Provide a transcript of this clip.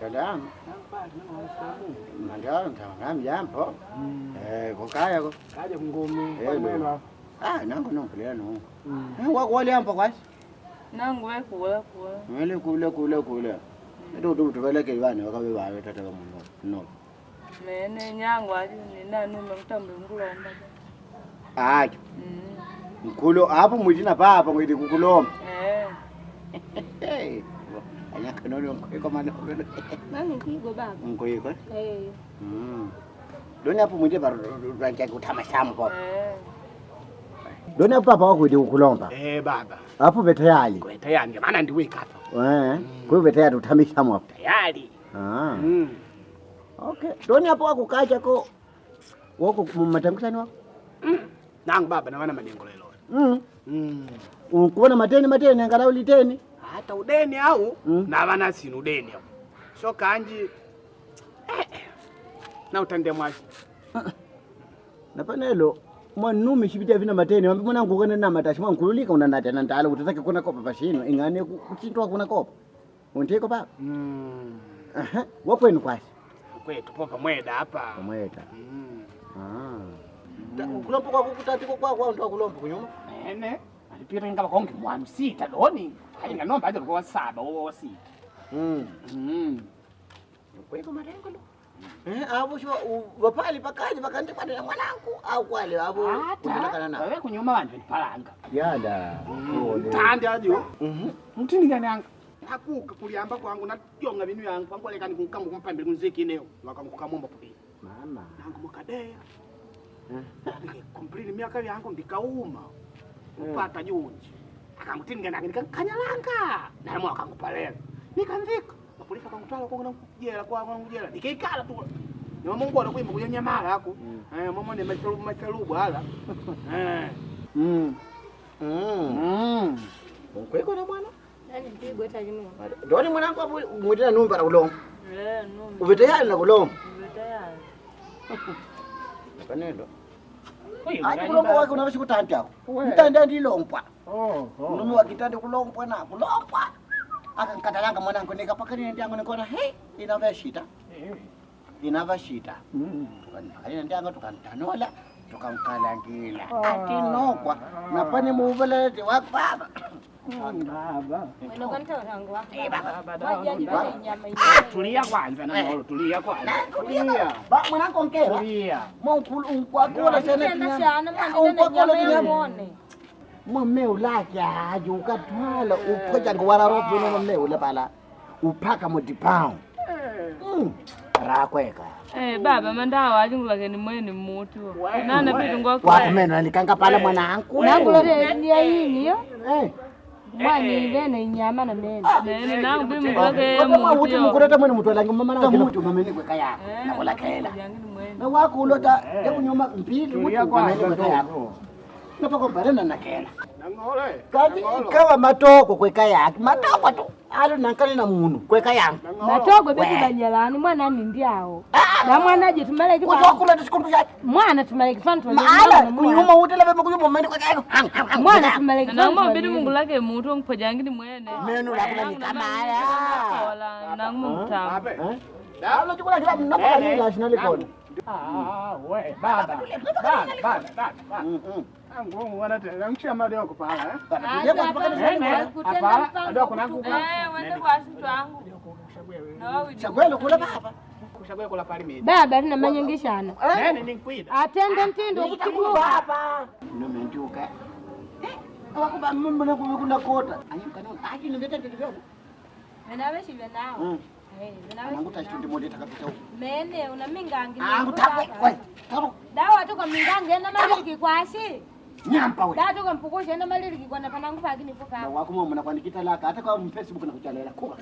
salama mandaa ndaangamjambo mm. eh, kukaya ko eh, a ah, nango nongulela nongo mm. wakuwaliambo kwasi nanguwekulekulekulekule etuutuveleke mm. vane vakave vave tata vamunu no mene nyangu ali ninanume kutambule nkulomba ayo mkulo apo mwitina papa mwiti kukulomba eh. nyakanoni onkwiko manobeno mami nkigo baba nkwiko eh mm lona hapo mwende ba rwanja kuthama shambo lona papa wakwende ukulomba eh baba hapo betayali betayali ngemana ndiweka hapa eh kwa betayali uthama shambo hapo tayari ah mm okay lona hapo wakukacha ko wako mumatangusani wako mm. nangu baba nawana madengo lelo mm. mm. ukuona mateni mateni angalau liteni hata udeni au mm. na wana sinu udeni au sio kanji eh, eh. na utande mwashi na panelo mwanumi shipita vina matene wambi mwanangu kana na matashi mwankululika unanata na ntala utataki kuna kopa pashino ingane kuchintwa kuna kopa untiko pa mm. -huh. wakwenu kwasi kwetu popa mweda hapa mweda mm. ah mm. kulompo kwa kukutati kwa kwa ndo kulompo kunyuma ene alipita ingaba konke muhamsitha loni hayi nganomba aze ngowasaba owositha hmm. hmm. kweko malengo lo eh, abusho bapali pakanje pakanje kwanela mwanangu au kwale abo kulakana na wewe kunyuma banje nipalanga yala hmm. mthande ajo mthini mhm. kani anga akuka kuliamba kwangu najonga binu yangu pangole kani kunkamu kumpambele kunziki ineo wakangukamomba pupili mama nangu mukadeya eh. nikikomplini miaka yangu ndikauma kupata hmm. junji akamtinga nake nikakanyalanga na mwa akangupalela nikamvika mapolisi akangutwala kwa jela kwa kwangu jela nikaikala tu ni Mungu anakuimba kuja nyamala yako hmm. eh mama eh. hmm. ni macharubu macharubu hala eh mm mm kweko na mwana nani mpigo hata jimu ndio ni mwanangu hapo mwitana numba na kulomba eh numba uvitayari na kulomba uvitayari kanendo ati yaani kulongwa kwake unavasi kutante ako mtande andilompwa mlume wakitande kulompwa na kulompwa akankatalanga mwanangu nikapakani ndiangu nikaona he inavashita eh. inavashita mm. tukanipakani ndiangu tukantanola tukamkalangila ah. atinokwa napane muuvelelete wakwava Tulia kwanza na nalo, tulia kwanza. Tulia. Ba mwanangu ongea. Tulia. Mwangu unkwakula sana kinyama. Unkwakula kinyama. Mume ulaka aje ukatwala ukhoja ngwara robo no mume ulabala. Uphaka motipao. Mm. Rakweka. Eh, baba mandawa alingulakeni mweni mmuti wo. Nana pitu ngwakho. Wakumena nikanga pala mwanangu. Nangu lo ni yini yo? Eh mwaniivene eh. inyama na mene mene nangu bimutoke mwene mutu alange mama nangu mutu kweka yako nakola eh, na wakulota yakunyuma eh. mpili mutu mamene kweka yako napako kati ikawa matoko kweka yake matoko tu alo nankali munu kweka yangu matoko betubanyalani mwanani ndiawo ah Mwana jitumele kitu. Uzo kula tushukuru yake. Mwana tumele kitu fantu. Maana kunyuma utela bema kunyuma mwende kwa Mwana tumele Na mwa bidu mungu lake mtu mpojangini mwene. Ah, menu la kula ni kama haya. Wala na mungu mtamu. Na ulo chukula kila mnoko kwa nini la shinali Ah, we baba. Baba, baba, Ngumu wana tena mchia mali wako pala eh. eh. Ndio ndio kuna ngumu. Eh, wende kwa simu yangu. Chagwelo kula baba baba linamanyingishana eh? atende ah, mtindo kuchukua hapa nimenjuka eh? wakuba mumbo na kumekunda kota anyuka ah, nao aki hmm. eh, ningeta vitu vyangu anaweshi vyanao Nanguta chitundi mode takapita huko. Mene una mingangi. Angu ah, tawe. Wewe. Taro. Dawa tu mingangi enda maliki kwashi. Nyampa we. Dawa tu kwa mpukusha maliki kwa na panangu pa kini Na wako mwana kwa nikita laka hata kwa mfacebook na kuchalela kwa.